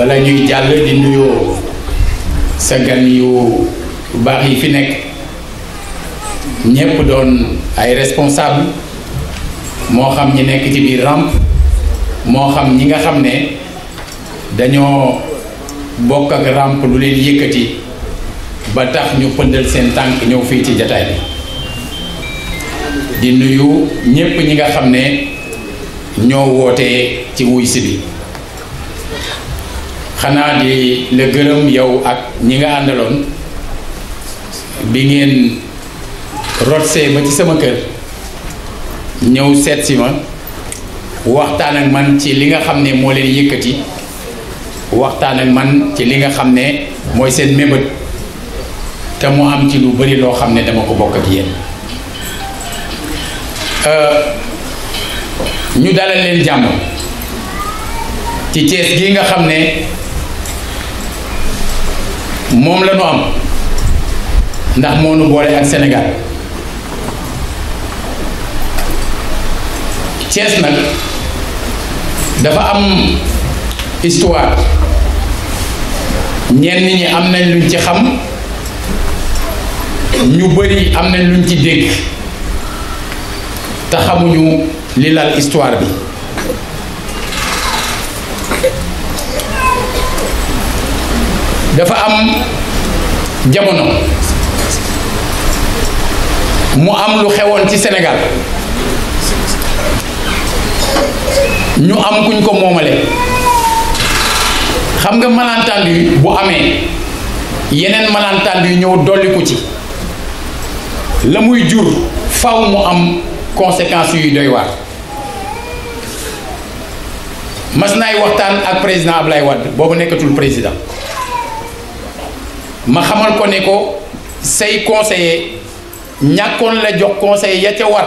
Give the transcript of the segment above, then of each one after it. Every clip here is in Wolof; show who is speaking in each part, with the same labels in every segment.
Speaker 1: bala ñuy jàll di nuyoo sa gan yu baax yi fi nekk ñépp doon ay responsable moo xam ñi nekk ci biir ramp moo xam ñi nga xam ne dañoo bokk ak ramp lu leen yëkkati ba tax ñu pëndal seen tànk ñëw fii ci jataay bi di nuyu ñépp ñi nga xam ne ñoo wootee ci wuy si bi xanaa di la gërëm yow ak ñi nga àndaloon bi ngeen rotsee ba ci sama kër ñëw seet ma waxtaan ak man ci li nga xam ne moo leen yëkkati waxtaan ak man ci li nga xam ne mooy seen mébét te mu am ci lu bari loo xam ne dama ko bokk ak yéen euh, ñu dalal jàmm ci Thiès gi nga xam ne moom la ñu am ndax moo nu boole ak Sénégal Thiès nag dafa am histoire ñenn ñi am nañ luñ ci xam ñu bëri am nañ luñ ci dégg te xamuñu li lal histoire bi dafa am jamono mu am lu xewoon ci Sénégal ñu am kuñ ko moomale xam nga malentendu bu amee yeneen malentendu yu ñëw dolliku ci la muy jur faw mu am conséquences yuy doy waar mas naay waxtaan ak président Ablaye Wade boobu nekkatul président ma xamal ko ne ko say conseiller ñàkkoon la jox conseil ya ca war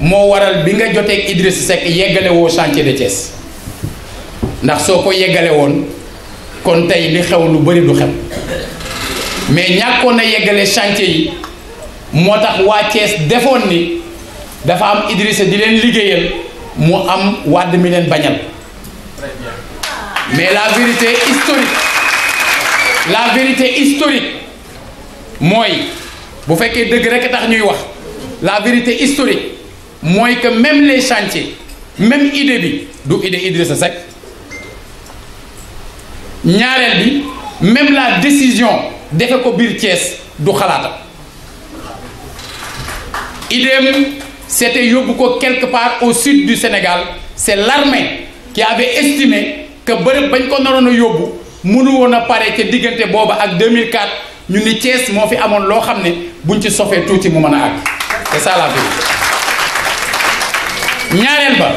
Speaker 1: moo waral bi nga jotee Idriss Seck yeggale woo chantier de Thiès ndax soo ko yeggale woon kon tey li xew lu bari du xew mais ñàkkoon na yeggale chantier yi moo tax waa Thiès defoon ni dafa am Idrissa di leen liggéeyal mu am wàdd mi leen bañal mais la vérité historique la vérité historique moy bu faites deug rek tax ñuy wax la vérité historique moy que même les chantiers même idée bi du idée Idrissa Seck ñaarel bi même la décision défé ko bir ties du xalaatam Idem, c'était yobou ko quelque part au sud du Sénégal c'est l'armée qui avait estimé que bërëb bagn ko naroon yobou mënu woon pare ca diggante booba ak mil 2004 ñu ni cees moo fi amoon loo xam ne buñ ci sofee tuuti mu mën a àgg c'est ça ñaareel ba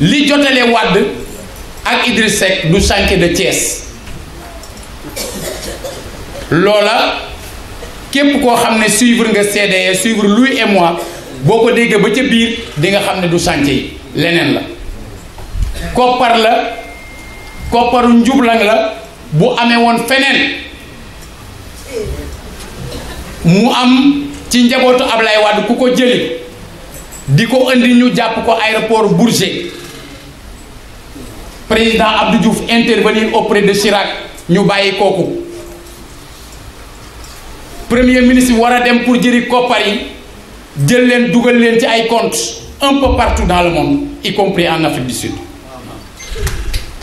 Speaker 1: li jotale wàdd ak Idriss du chantier de cees loola képp koo xam ne suivre nga CDE suivre lui et moi boo ko déggee ba ca biir di nga xam ne du chantier yi leneen la koppar la. kopparu njublang la bu amee woon feneen mu am ci njabootu Ablaye Wade ku ko jëli di ko indi ñu jàpp ko aéroport Bourget président Abdou Diouf intervenir auprès de Chirac ñu bàyyi kooku premier ministre war a dem pour jëri koppar yi jël leen dugal leen ci ay comptes un peu partout dans le monde y compris en Afrique du Sud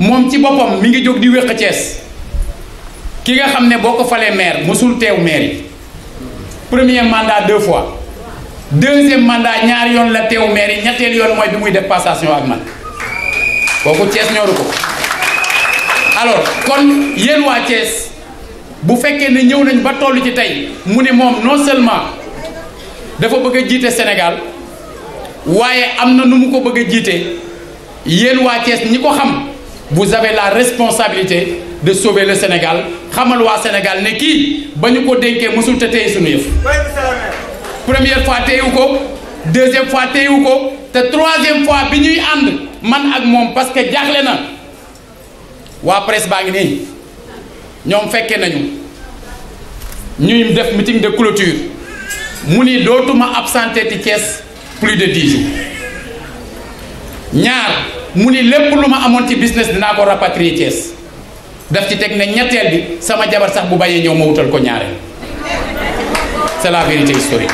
Speaker 1: mom ci bopam mi ngi jog di wéq Cees ki nga xamné boko falé maire musul téw maire premier mandat deux fois deuxième mandat ñaar yoon la téw maire yi ñetteel moy mooy bi muy def passation ak man boko Cees ñoru ko alors kon yeen wa Cees bu fekkee ne ñew nañ ba tollu ci tay mu ne moom non seulement dafa bëgg jité Sénégal waaye amna numu ko bëgg jité yeen wa waa Cees ko xam vous avez la responsabilité de sauver le Sénégal Khamal wa Sénégal ne qui, bañu ko denké mosul té téye suñu yef. première fois téyewu ko deuxième fois téyewu ko té troisième fois biñuy and man ak mom parce que jaaxle na waa presse baa ni ñom féké nañu ñuy def meeting de clôture muni ni dootuma absenté ti plus de dix jours ñaar mu ni lépp lu ma amoon ci business dinaa ko rapatrier Thiès daf ci teg ne ñetteel bi sama jabar sax bu bàyyee ñëw ma wutal ko ñaareel c'est la vérité historique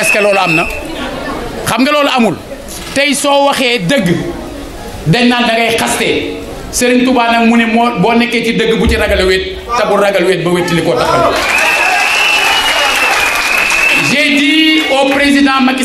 Speaker 1: est-ce que loolu am na xam nga loolu amul tey soo waxee dëgg dañ naan da ngay xastee Serigne mu ne moo boo nekkee ci dëgg bu ci ragal wéet te ragal wéet ba wétti li ko taxal j'ai dit président Macky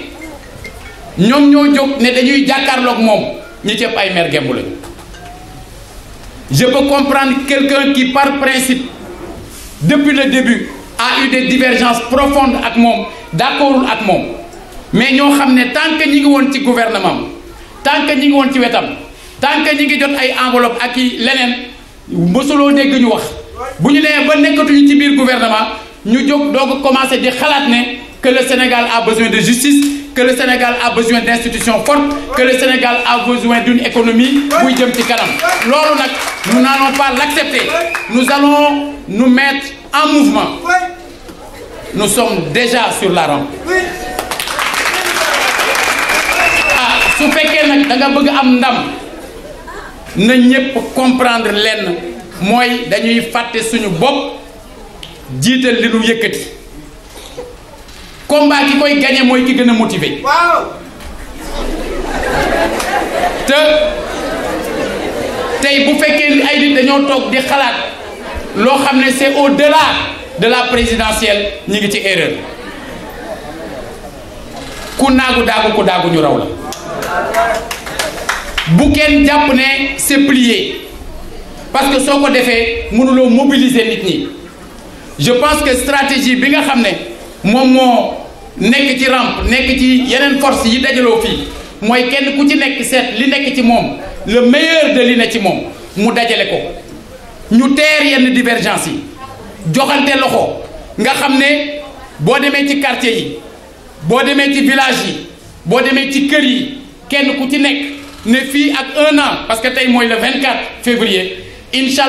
Speaker 1: ñom ñoo jog ne dañuy jakarlok mom ñi ci ay mer gembu lañu je peux comprendre quelqu'un qui par principe depuis le début a eu des divergences profondes avec mom d'accord ak mom mais ñoo xamné que tant que ñi ngi won ci gouvernement tant que ñi ngi won ci wetam tant que ñi ngi jot ay enveloppe ak lenen Nous ne dégg ñu wax bu ñu né ba ñu ci biir gouvernement ñu jog donc commencer commencé di dire que le Sénégal a besoin de justice que le Sénégal a besoin d'institutions fortes, que le Sénégal a besoin d'une économie buy jëm ci kanam nous n'allons pas l'accepter nous allons nous mettre en mouvement nous sommes déjà sur la rampe ah su fekkee nag da nga bëgg am ndam na ñépp comprendre lenn mooy dañuy fàtte suñu bopp jiital li nu combat ki koy gagné mooy ki gën a motivé. waaw. te tey bu fekkee ni ay nit dañoo toog di xalaat loo xam c'est au-delà de la présidentielle ñi ngi ci erreur ku naagu daagu ku daagu ñu raw la bu kenn jàpp ne c'est plié parce que soo ko defee mënuloo mobiliser nit ñi je pense que stratégie bi nga xam ne moom nekk ci ramp nekk ci yeneen force yi dajaloo fii mooy kenn ku ci nekk seet li nekk ci le meilleur de li ne ci moom mu dajale ko ñu yenn divergence yi joxante loxo nga xam ne boo demee ci quartier yi village yi boo ci yi ne ak un an parce que tey le 24 février incha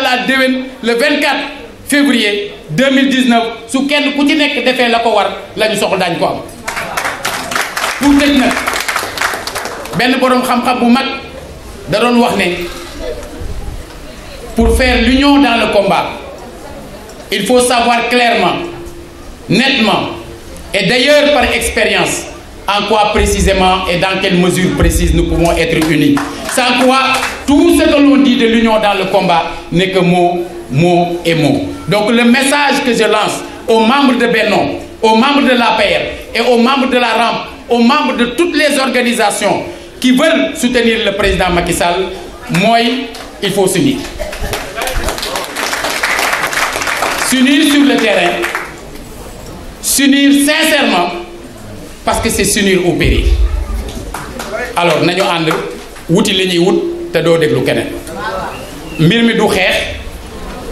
Speaker 1: le 24 février 2019 sous quel ku ci nekk la la soxla ko pour pour faire l'union dans le combat il faut savoir clairement nettement et d'ailleurs par expérience en quoi précisément et dans quelle mesure précise nous pouvons être unis sans quoi tout ce que l'on dit de l'union dans le combat n'est que mot mot et mot. Donc le message que je lance aux membres de Benon, aux membres de la paix, et aux membres de la rampe, aux membres de toutes les organisations qui veulent soutenir le président Macky Sall, moi, il faut s'unir. S'unir sur le terrain, s'unir sincèrement, parce que c'est s'unir au péril. Alors, nous avons wouti wut te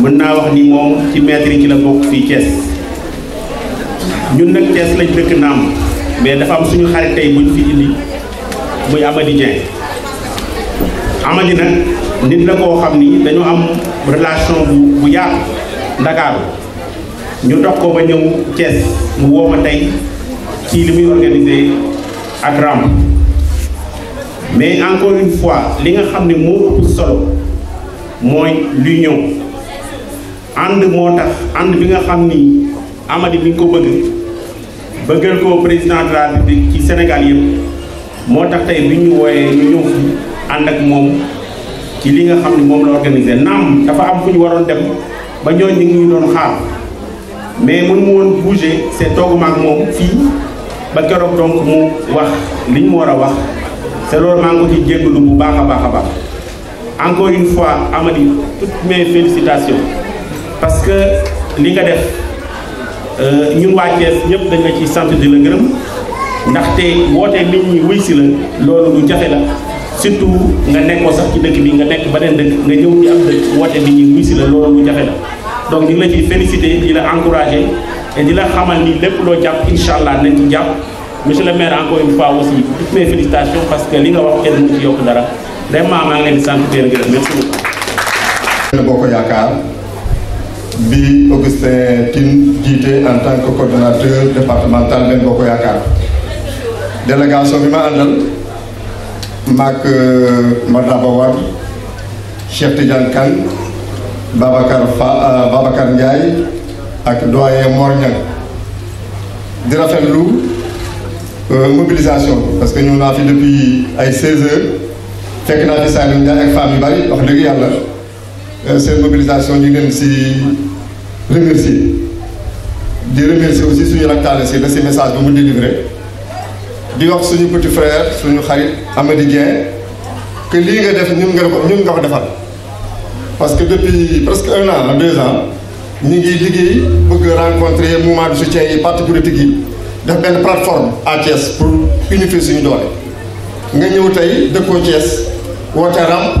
Speaker 2: mën naa wax ni moom ci maître yi ci la bokk fii Thiès ñun nag Thiès lañ dëkk naam mais dafa am suñu xarit tey buñ fi indi muy Amady Dieng Amady nag nit la koo xam ni dañu am relation bu bu yaatu Dakar. ñu dox ko ba ñëw Thiès mu woo ma tey ci li muy organisé ak Ramb mais encore une fois li nga xam ne moo ëpp solo mooy l'union and moo tax and bi nga xamni amadi bi ko bëgg bëggal ko président de la république ci sénégal yëpp moo tax tey bi ñu woyé ñu ñu and ak mom ci li nga xamni mom la organiser nam dafa am fu ñu waroon dem ba ñoo ñi ngi doon xaar mais mënu mu won bouger c'est togu mak mom fi ba kérok donc mu wax li ñu wara wax c'est est ma ngi ci ci lu bu baaxa baaxa baax encore une fois amadi toutes mes félicitations parce que li nga def euh, ñun waa Thiès ñëpp dañ la ci sant di la gërëm ndaxte woote nit ñi wuy si la loolu lu jafe la surtout nga nekkoo sax ci dëkk bi nga nekk beneen dëkk nga ñëw ci am dëkk woote nit ñi wuy la loolu lu jafe la donc ñu ngi ciy félicité di la encouragé et la xamal ni lépp loo jàpp incha allah nañ ci jàpp monsieur le maire encore une fois aussi toutes mes félicitations parce que li nga wax kenn mu ci yokk dara vraiment maa ngi leen di sant di leen gërëm
Speaker 3: bi Augustin Tine jiite en tant que coordonnateur départemental Benno Bokk Yaakaar délégation bi ma àndal maak euh, Madraba Wade Cheikh Tidiane Fa euh, Babacar Ndiaye ak doyen Mor Niang di rafetlu euh, mobilisation parce que ñëw naa fi depuis ay 16 heures fekk naa fi Saalum Ndiaye ak femmes yu bari wax dëgg yàlla Euh, cette mobilisation ñu ngi leen si remercier De remercier aussi suñu raktaale si da si message bu mu délivré di wax suñu petit frère suñu Khalid, Amady que lii nga def ñun nga ko ñun nga ko defal parce que depuis presque un an deux ans ñu ngi liggéey bëgg rencontrer mouvement de soutien et parti politique yi def benn plateforme à Thiès pour unifier suñu doole nga ñëw tey dëkkoo Thiès woote ramp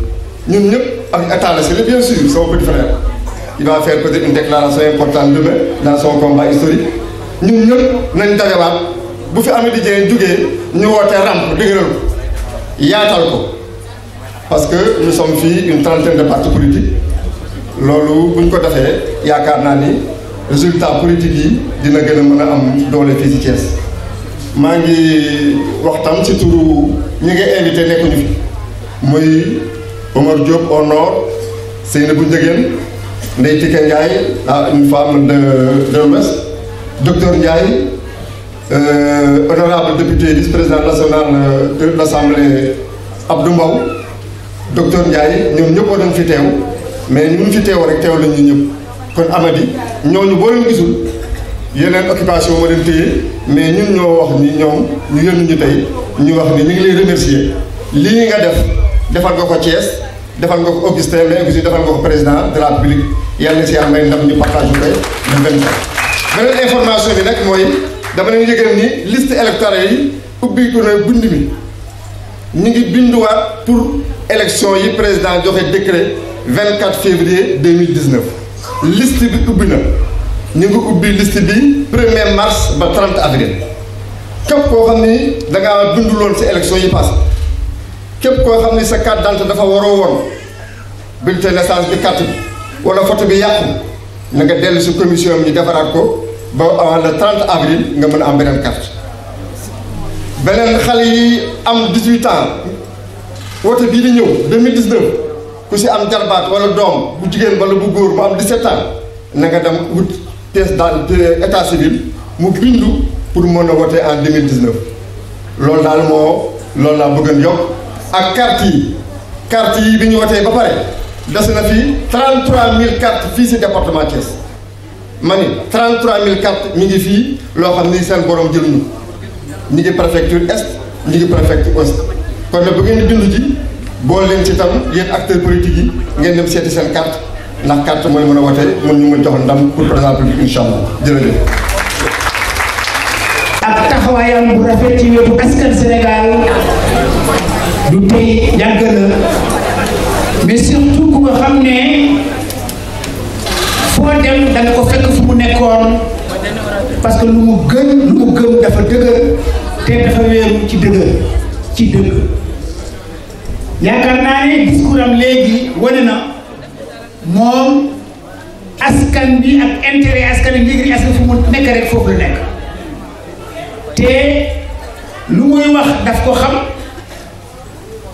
Speaker 3: ñun ñëpp ak état la c'est bien sûr sama petit frère il va faire peut-être une déclaration importante demain dans son combat historique ñun ñëpp nañ dajawaat bu fi di Dieng jugee ñu woote ramp dëgëral ko yaatal ko parce que nous sommes fii une trentaine de partis politiques loolu buñ ko defee yaakaar naa ni résultat politique yi dina gën a mën a am doole fii ci Thiès maa ngi waxtaan ci turu ñi nga invité nekkuñu fi muy Omar Diop au nord, Seynabou Ndiéguène, Ndeye Tické Ndiaye à une femme de de l'Ouest, docteur Ndiaye euh, honorable député vice-président national euh, de l'Assemblée Abdou Mbow docteur Ndiaye ñoom ñëpp dañ fi teew mais ñun fi teew rek teew la ñu ñëpp kon Amady ñooñu boo leen gisul yeneen occupation moo leen téye mais ñun ñoo wax ni ñu yónni ñu tey ñu wax ni ñu ngi lay remercier lii nga def. defal nga ko Thiès defal nga ko Augustin mais aussi defal nga ko président de la République yàlla na si yàlla may ndam ñu partage ko ñu gën ko. beneen information bi nag mooy dama leen yëgal ni liste électorale yi ubbi ko na bind mi ñu ngi binduwaat pour élection yi président joxe décret 24 février 2019 liste bi ubbi na ñu ngi ubbi liste bi 1er mars ba 30 avril képp koo xam ni da ngaa dund loon si élection yi passé képp koo xam ni sa carte dafa waroo woon bulletin de naissance bi carte bi wala photo bi yàqu na nga dellu si commission bi ñu defaraat ko ba avant le 30 avril nga mën a am beneen carte beneen xale yi am 18 ans wote bii di ñëw 2019 ku si am jarbaat walla doom bu jigéen wala bu góor mu am 17 ans na nga dem wut pièce d'identité état bi mu bindu pour mën a wote en 2019 loolu daal moo loolu laa bëggoon yokk. ak carte yi carte yi bi ñu wotee ba pare des na fii 33000 cartes fii si département Thiès ma ni 33000 cartes mi ngi fii loo xam ni seen borom jël ñu ngi préfecture est ñu ngi préfecture ouest kon nag bu ngeen di bindu ji boole leen ci tam yéen acteur politique yi ngeen dem seeti seen carte ndax carte mooy mën a wote mën ñu mën jox ndam pour président public incha allah jërëjëf.
Speaker 4: ak taxawaayam bu rafet ci wetu askan Sénégal. lu tey yàgg la mais surtout xam ne foo dem da ko fekk fu mu nekkoon parce que lu mu gën lu mu gëm dafa dëgër te dafa wéeru ci dëgër ci dëgg
Speaker 1: yaakaar naa ne discours léegi
Speaker 4: wane na moom askan bi ak intérêt askan bi léegi askan fu mu nekk rek foofu la nekk te lu muy wax daf ko xam.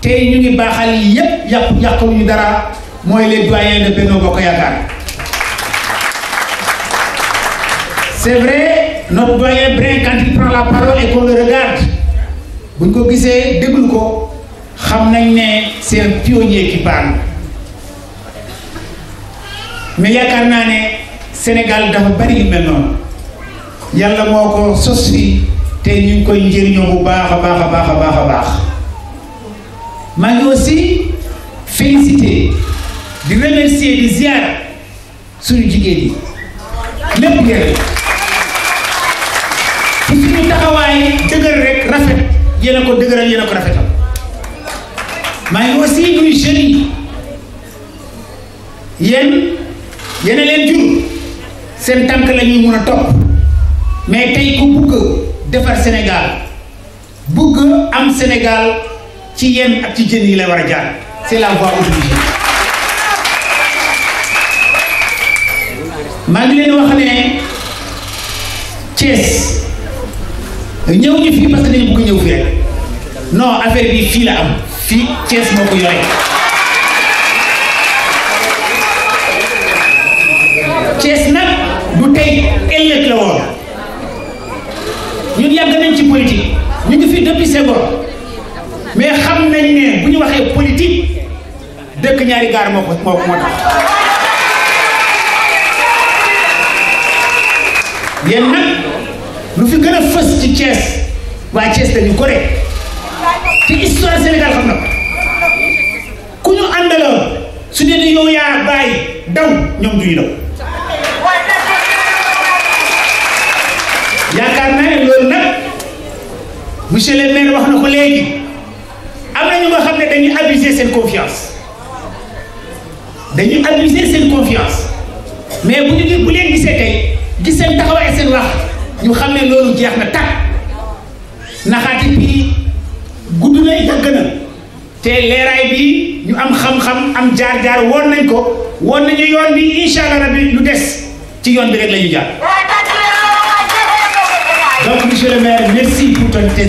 Speaker 4: te ñu ngi baaxal yépp yàqu ñu dara mooy les doyens de Benno Bokk Yaakaar c'est vrai notre doyen Brin quand il la parole et qu'on le regarde buñ ko gisee déglu ko xam nañ ne seen un pionnier qui parle mais yaakaar naa ne Sénégal dafa bari yu mel noonu yàlla moo ko sos fii te ñu ngi koy njëriñoo bu baax a baax baax a baax a baax maa ngi aussi félicité di remercier di ziar suñu jigéen yi lépp ngeen ci suñu taxawaay dëgër rek rafet yéen ko dëgëral yéen a ko rafetal maa ngi aussi nuyu jeunes leen jur seen tànk la ñuy mun a topp mais tey ku bugg defar Sénégal bugg am Sénégal. ci yeen ak ci jeen yi la wara jaar c'est la voie obligée ma ngi leen wax ne Thiès ñew ñu fi parce que dañu bëgg ñew fi rek non affaire bi fi la am fi Thiès moko yoré Thiès nak du tay ëlëk la woon ñun yàgg nañ ci politique ñu ngi fi depuis Senghor mais xam nañ ne bu ñu waxee politique dëkk ñaari gaar moo ko moo ko moo tax yéen nag lu fi gën a fës ci Thiès waa Thiès dañu ko rek te histoire Sénégal xam na ku ñu àndaloo su dee di yow yaa bàyyi daw ñoom duñu daw yaakaar naa ne loolu nag monsieur le maire wax na ko léegi dañuy abuser cette confiance dañuy abuser confiance mais vous ñu bu leen que tey gis seen taxawaay seen wax ñu xam ne loolu na naxaati bi gudd na que ñu am xam-xam am jaar-jaar nañ ko yoon bi lu ci yoon bi donc monsieur le maire merci pour ton tes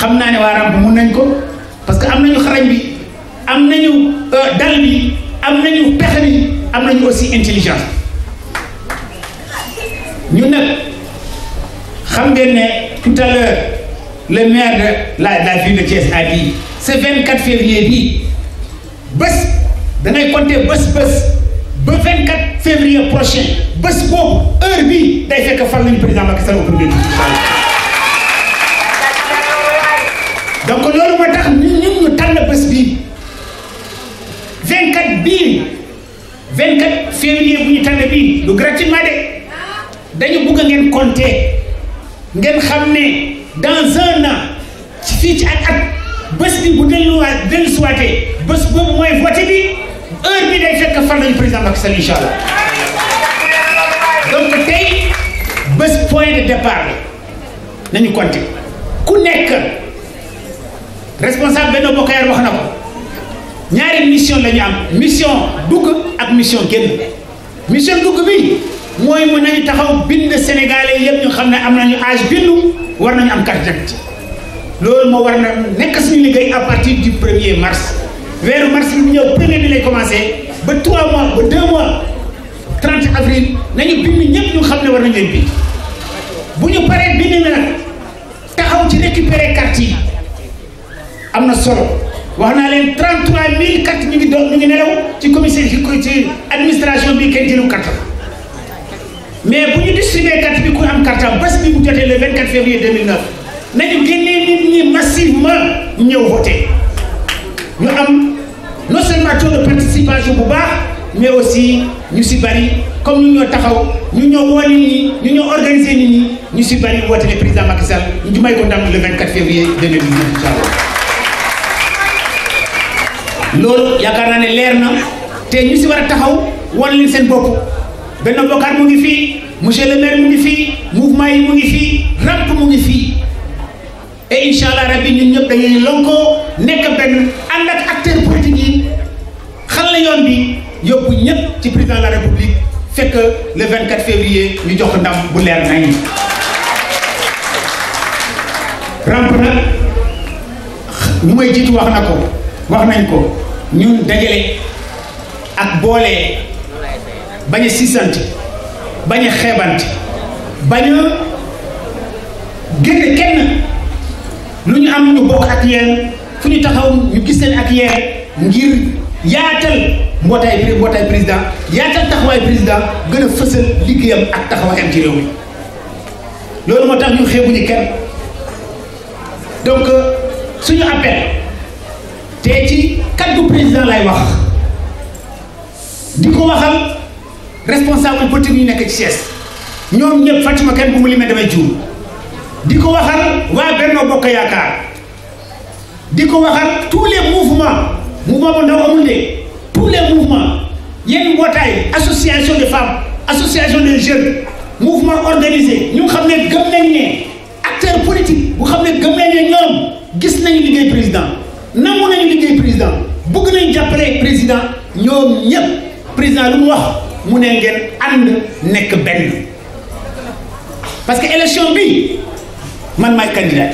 Speaker 4: xam naa ne waa ramp mun nañ ko parce que am nañu xarañ bi am nañu euh, dal bi am nañu pexe bi am nañu aussi intelligence ñu nag xam ngeen ne tout à l'heure le maire de la la ville de Thiès a dit ce 24 février bi bés dangay compter bés bés ba 24 février prochain bés boobu heure bi day fekk fal nañu président Macky Sall au premier tour donc loolu moo tax ñun ñun ñu tànn bés bii 24 bii 24 février bu ñu tànn bii du gratuitement de dañu bugg ngeen compter ngeen xam ne dans un an ci fii ci at at bés bi bu delluwaat dellusiwaatee bés boobu mooy vote bi heure bi day fekk fan lañu président Macky Sall incha allah donc tey bés point de départ nañu compter ku nekk. responsable Benno Bokk mission la mission dugg mission mission dugg bi nañu taxaw sénégalais ñu âge bindu war nañu am carte d'identité war na à partir du 1er mars mars bi ñëw premier bi lay commencé ba 3 mois ba 2 mois 30 avril nañu bind ñëpp ñu war nañu bind taxaw ci récupérer carte nous avons solo 33 000 4 000 ngi do ngi ci commissaire ci administration bi mais bu ñu distribuer carte bi ku am carte am bi bu le 24 février 2009 nañu génnee nit ñi massivement ñëw voté ñu am non seulement taux de participation bu mais aussi ñu si bari comme ñu ñoo taxaw ñu ñoo woo nit ñu ñoo organiser nit ñu si bari voter le président Macky Sall ñu may ko ndam le 24 février 2009 loolu yaakaar naa ne leer na te ñu si war a taxaw wan leen seen bopp benn bokkaat mu ngi fii monsieur le maire mu ngi fii mouvement yi mu ngi fii ramp mu ngi fii et incha allah rabbi ñun ñëpp dañuy lonkoo nekk benn ànd ak acteurs politiques yi xal la yoon bi yóbbu ñëpp ci président de la république fekk le 24 février ñu jox ndam bu leer nañ ramp nag ñu may jiitu wax na ko. wax nañ ko ñun dajale ak boole bañ a siisante bañ a bañ a génne kenn lu ñu am ñu bokk ak yéen fu ñu taxaw ñu gis leen ak yéen ngir yaatal mbootaay mbootaay président yaatal taxawaay président gën a fësal liggéeyam ak taxawaayam ci réew mi loolu moo tax ñu xeebuñu kenn donc euh, suñu appel. te ci kaddu président lay wax di ko waxal responsable politique yu nekk ci Thiès ñoom ñëpp fàttuma kenn bu mu limee damay juum di ko waxal waa Benno Bokk Yaakaar di ko waxal tous les mouvements mu bu ndaw amul de tous les mouvements yenn mbootaay association de femmes association de jeunes mouvement organisé ñu xam ne gëm nañ ne acteur politique bu xam ne gëm nañ ne ñoom gis nañ liggéey président nangu nañu liggéey président bëgg nañ jàppale président ñoom ñëpp président lu mu wax mu ne ngeen ànd nekk parce que élection bi man may candidat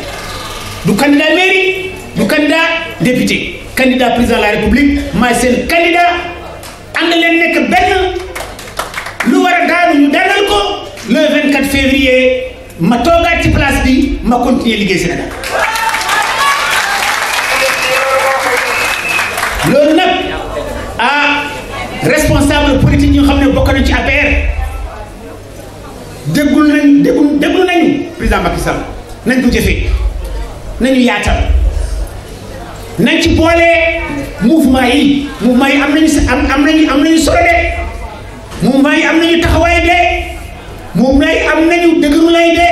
Speaker 4: du candidat mairie du candidat député candidat président de la république maay seen candidat ànd leen nekk benn lu war daanu ñu ko le 24 février ma toogaat ci place bi ma continuer liggéey Sénégal responsable politique yi xam ne bokk nañ ci APR déggul nañ déggul déglu nañu président Macky Sall nañ ko jëfee nañu yaatal nañ ci boolee mouvement yi mouvement yi am nañu am am am nañu solo de mouvement yi am nañu taxawaay de mouvement yi am nañu dëgëru lay de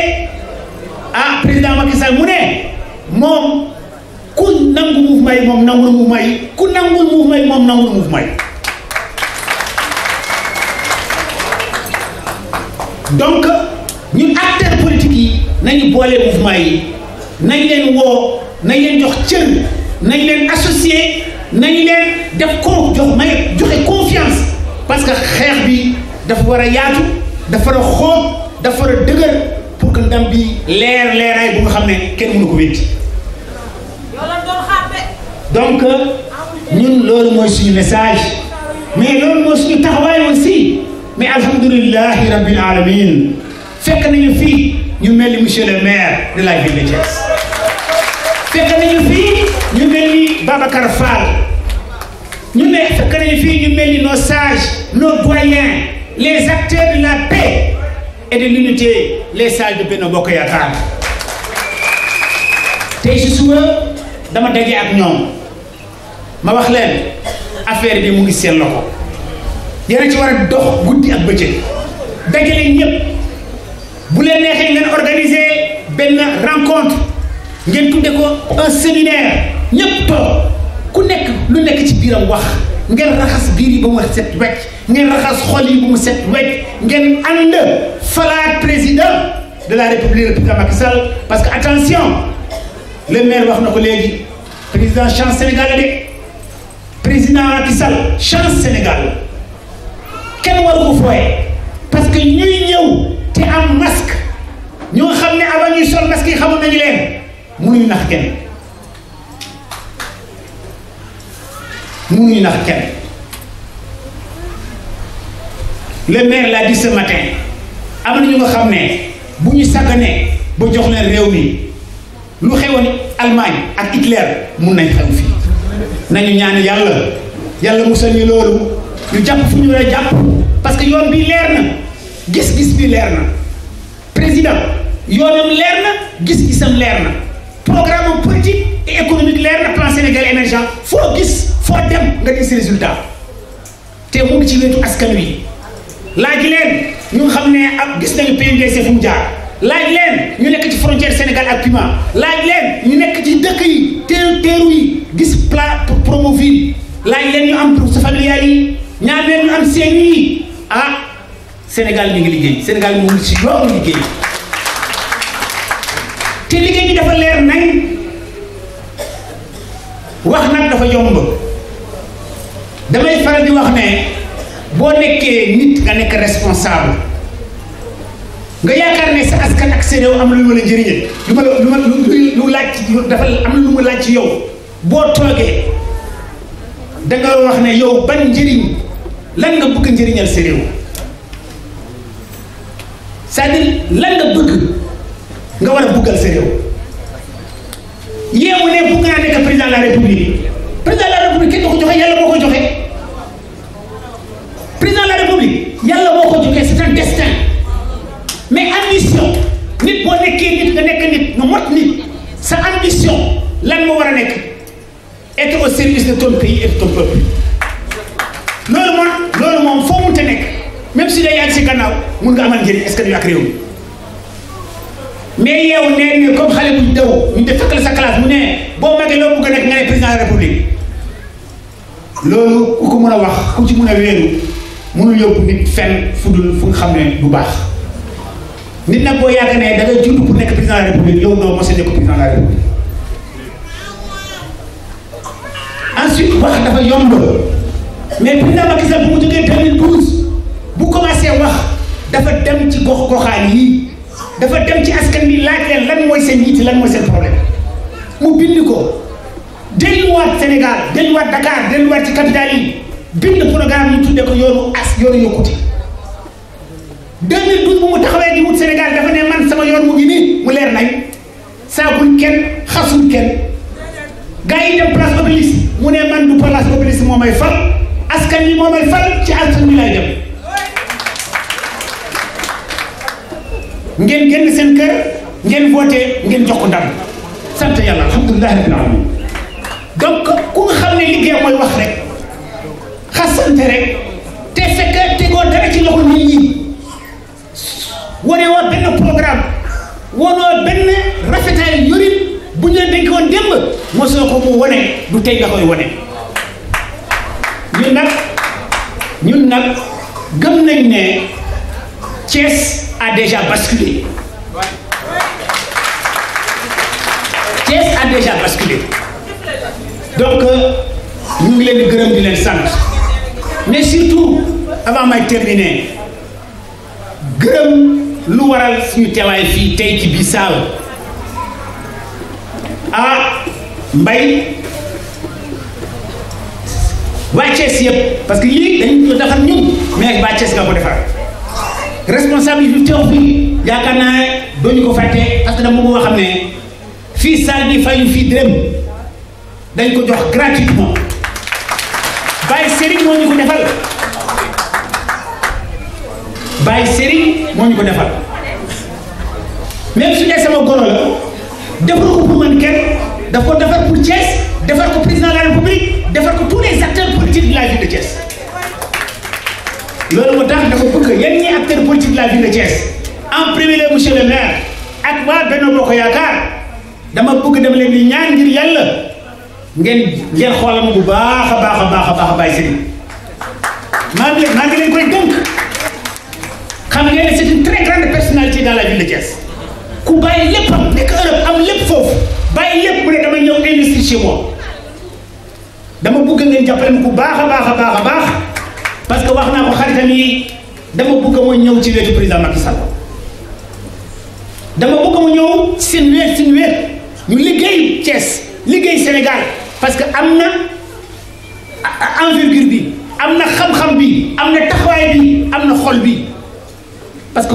Speaker 4: ah président Macky mu ne moom ku nangu mouvement yi moom nangul mouvement yi ku nangul mouvement donc ñun acteurs politiques yi nañu boole mouvement yi nañ leen woo nañ leen jox cër nañ leen associer nañ leen def ko jox may joxe confiance parce que xeex bi dafa war a yaatu dafa war a xóot dafa war a dëgër pour que ndam bi leer leeraay bu nga xam ne kenn mënu ko wéti donc ñun loolu mooy suñu message mais loolu mooy suñu taxawaay aussi mais alhamdulilahi rabbil alamin fekk nañu fi, ñu mel ni monsieur le maire de la ville de Thiès fekk nañu fi, ñu mel Babacar Fall ñu ne fekk nañu fii ñu nos sages nos doyens les acteurs de la paix et de l'unité les sages de Benno Bokk Yaakaar tey si suba dama daje ak ñoom ma wax leen affaire bi mu ngi seen loxo il ci a dox guddi ak bëccëg dajale ñëpp bu leen neexee organiser benn rencontre ngeen tudde ko un séminaire ñëpp ku nekk lu nekk ci biiram wax ngeen raxas biir yi mu set wecc ngeen raxas xol yi ba mu set président de la république parce que attention le maire wax na ko président chance Sénégal la président Macky chance Sénégal kenn waru ko fooye parce que ñuy ñëw te am masque ñoo xam ne avant ñuy sol masque yi xamoon nañu leen munuñu nax kenn munuñu nax kenn le maire l'a dit ce matin am na ñu nga xam ne bu ñu sàgganee ba jox leen réew mi lu xewoon Allemagne ak Hitler mun nañ xew fii nañu ñaan yàlla yàlla musal ñu loolu ñu jàpp fu ñu parce que yoon bi leer gis-gis président yoonam leer na gis programme politique et économique leer na plan Sénégal émergent foo gis foo dem nga gis résultat te mu ci wetu askan wi leen ñu xam ne gis PNDC fu jaar laaj frontière Sénégal ak Piment ñu ci dëkk yi pour promouvoir laaj leen ñu am ñaareel ñu am seen yi ah Sénégal mi ngi liggéey Sénégal mu ngi liggéey te liggéey bi dafa leer nañ wax nag dafa yomb damay faral di wax ne boo nekkee nit nga nekk responsable nga yaakaar ne sa askan ak seen yow am na lu ma la njëriñe lu ma la lu ma lu laaj dafa am na lu ma laaj ci yow boo toogee. da nga wax ne yow ban njëriñ lan nga bëgg njëriñal sa réew c'est-à-dire lan nga bëgg nga war a bëggal sa réew yeewu ne bëgg naa nekk président de la république président la république kenn ko joxe yàlla moo ko joxe président de la république yàlla moo ko joxe c'est un destin mais ambition nit boo nekkee nit nga nekk nit nga mot nit sa ambition lan moo war a nekk. être au de ton pays et de ton peuple loolu moom loolu moom foo munte nekk même si day yàgg si gannaaw mun nga amal njëriñ est ak réew mais yow nee ne comme xale bu daw ñu def fekk la sa classe mu ne boo magee loo bëgg nga ne président de la république loolu ku ko mën a wax ku ci mun a wéeru mënul yóbbu nit fenn fu dul fu nga xam ne du baax nit nag boo yàgg ne da ngay judd pour nekk président république yow doo mos a nekk président république ensuite wax dafa yomb mais président Macky Sall bu mu jógee 2012 bu commencé wax dafa dem ci gox goxaan yi dafa dem ci askan bi laaj leen lan mooy seen yitte lan mooy seen problème mu bind ko delluwaat Sénégal delluwaat Dakar delluwaat ci capitale yi bind programme ñu tuddee ko yoonu as yoonu yokkute 2012 bu mu taxawee di wut Sénégal dafa ne man sama yoon mu ngi nii mu leer nañ saagul kenn xasul kenn gars yi dem place Obélisque mune man du place Obélisque momay may fal askan yi momay may fal ci askan bi lay dem ngeen génn seen kër ngeen voté ngeen jox ko ndam sante yàlla alhamdulilahi rabbil alamin donc ku nga xam ne liggéey mooy wax rek xassante rek te té go dara ci loxo nit ñi woné wa benn programme wono benn rafetay yorin Vous ñu leen de woon vous mosoo ko du tey nga koy Nous ñun nag ñun gëm a déjà basculé Thiès a déjà basculé donc nous euh, ngi leen di gërëm mais surtout avant de terminer gërëm lu waral suñu ah mbay waa Cees yëpp parce que lii dañu ko defar ñun mais waa Cees nga ko defar responsable yi teew fii yaakaar naa ne dooñu ko fàtte parce que dama bëgg a xam ne fii salle bi fayu fii dërëm dañ ko jox gratuitement Baye Serigne moo ñu ko defal Baye Serigne moo ñu ko defal même su dee sama goro la. defar ko pour man kenn daf ko defar pour Thiès pour ko président de la république defar ko tous les acteurs politiques de la ville de Thiès loolu moo tax dafa bëgg yéen ni acteurs politiques de la ville de Thiès en premier lieu monsieur le maire ak waa Benno Bokk Yaakaar dama bëgg dem leen di ñaan ngir yàlla ngeen ngeen xoolam bu baax a baax a baax a baax a bàyyi seen maa ngi leen c'est une très grande personnalité dans la ville de Thiès ku bàyyi léppam nekk ne dama chez moi dama bëgg ngeen jàppale ma parce que wax ko xaritam dama ci président Macky Sall dama bëgg mu ñëw seen wet Sénégal parce que am xam-xam bi parce que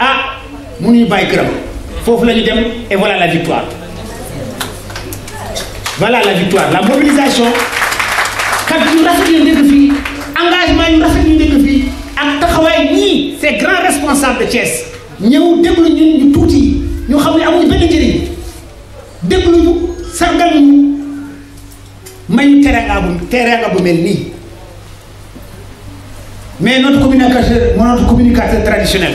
Speaker 4: ah mënuñu bàyyi këram fofu lañu dem et voilà la victoire voilà la victoire la mobilisation kat ñu rafet ñu fii engagement ñu rafet ñu dëkk fii ak taxawaay ñii ces grands responsables de Thiès ñëw déglu ñun ñu tuuti ñu xam ne amuñu benn njëriñ déglu ñu sargal ñu may ñu teranga bu teranga bu mel nii mais notre communicateur notre communicateur traditionnel.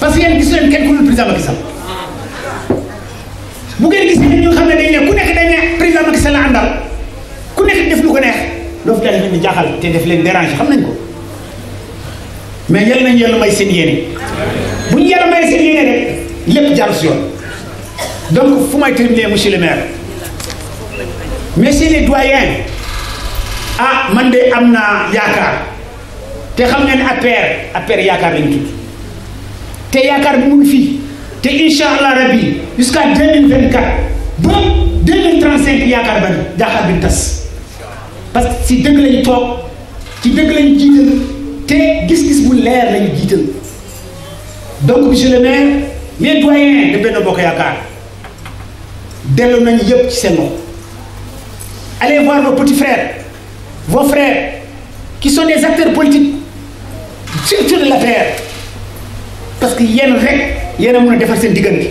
Speaker 4: parce que yéen gis leen kenn ku dul président Macky Sall bu ngeen gisee ne ñu xam ne dañ ne ku nekk dañ ne président Macky Sall la àndal ku nekk def lu ko neex doo fi daal di jaaxal te def leen déranger xam nañ ko mais yal nañu yàlla may seen yéene bu ñu yàlla may seen yéene lépp jaar si yoon donc fu may terminer monsieur le maire monsieur le doyen ah man de am na yaakaar te xam ngeen APR APR yaakaar lañu tudd. C'est Yakar Moufi, c'est ngi rabbi jusqu'à 2024 Bon, 2035 yaakaar ba jaaxaar bi parce que si tu lañ toog ci dëgg lañ jiital te gis-gis bu leer lañ jiital donc monsieur le maire les doyens de Benno Bokk Yaakaar le moment yëpp ci seen allez voir nos petits frères vos frères qui sont des acteurs politiques surtout de la terre parce qu'il y que yéen il y a y a defar seen diggante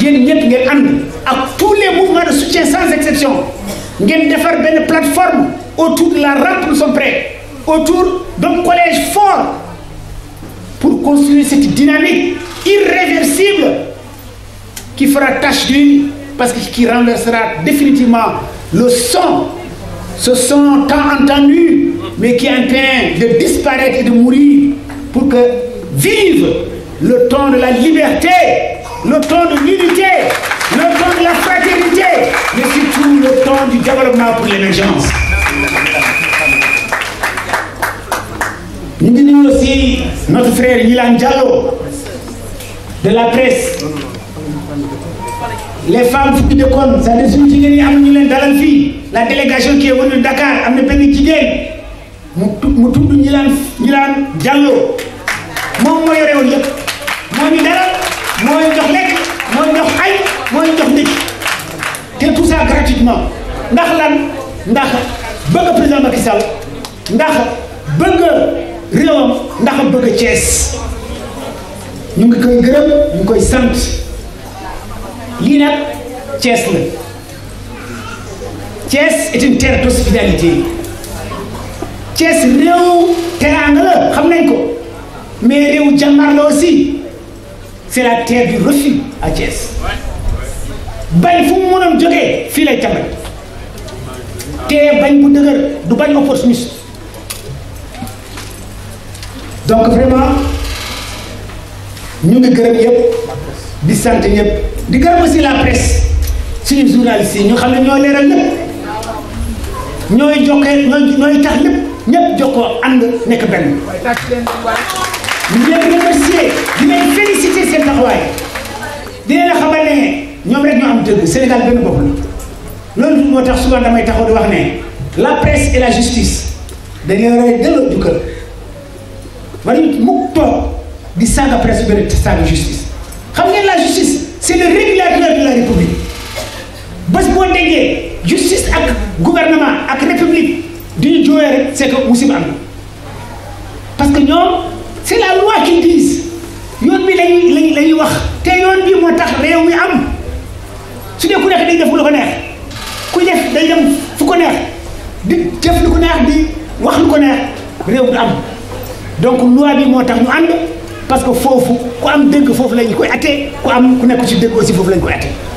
Speaker 4: yéen en ngeen ànd ak tous les mouvements de soutien sans exception y defar une plateforme autour de la rampe nous sommes prêts autour d'un collège fort pour construire cette dynamique irréversible qui fera tâche d'une, parce qu'il renversera définitivement le son, ce son tant entendu, mais qui est en train de disparaître et de mourir pour que vive le temps de la liberté, le temps de l'unité, le temps de la fraternité, mais surtout le temps du développement pour l'émergence. Nous venons aussi notre frère Yilan Diallo de la presse. Les femmes foutu de con, ça ne am dans la délégation qui est venue de Dakar am na benn jigéen Nous sommes Yilan Yilan Diallo ñu dalal moo ñu jox lekk moo ñu jox añ moo ñu te tout gratuitement ndax lan ndax bëgg président Macky Sall ndax bëgg réewam ndax bëgg Thiès ñu ngi koy gërëm ñu koy sant lii nag cees la cees est une terre d'hospitalité Thiès réewu teraanga xam nañ ko mais réewu jàmbaar la aussi c'est la terre du refus à Thiès bañ fu mu mënoon jógee fii lay tàmbali te bañ bu dëgër du bañ opportuniste donc vraiment ñu ngi gërëm yëpp di sant ñëpp di gërëm aussi la presse suñu journalistes yi ñu xam ne ñoo leeral lépp ñooy jokkee ñooy ñooy tax lépp ñëpp jokkoo ànd nekk benn. ñu leen remercier di leen féliciter seen taxawaay di leen xamal ne ñoom rek ñoo am dëgg Sénégal benn bopp la loolu moo tax souvent damay taxaw di wax ne la presse et la justice dañu war a delloo jukkal wala ñu mukk toog di saaga presse bi benn saaga justice xam ngeen la justice c'est le régulateur de la république bés boo déggee justice ak gouvernement ak république di ñu jooyee rek c'est que musiba am na parce que ñoom. c'est la loi qui dise yoon bi lañuy lañuy wax te yoon bi moo tax réew mi am su dee ku nekk day def lu ko neex ku def day dem fu ko neex di def lu ko neex di wax lu ko neex réew mi am donc loi bi moo tax ñu ànd parce que foofu ku am dëgg foofu lañu koy attee ku am ku nekk ci dëgg aussi foofu lañu koy attee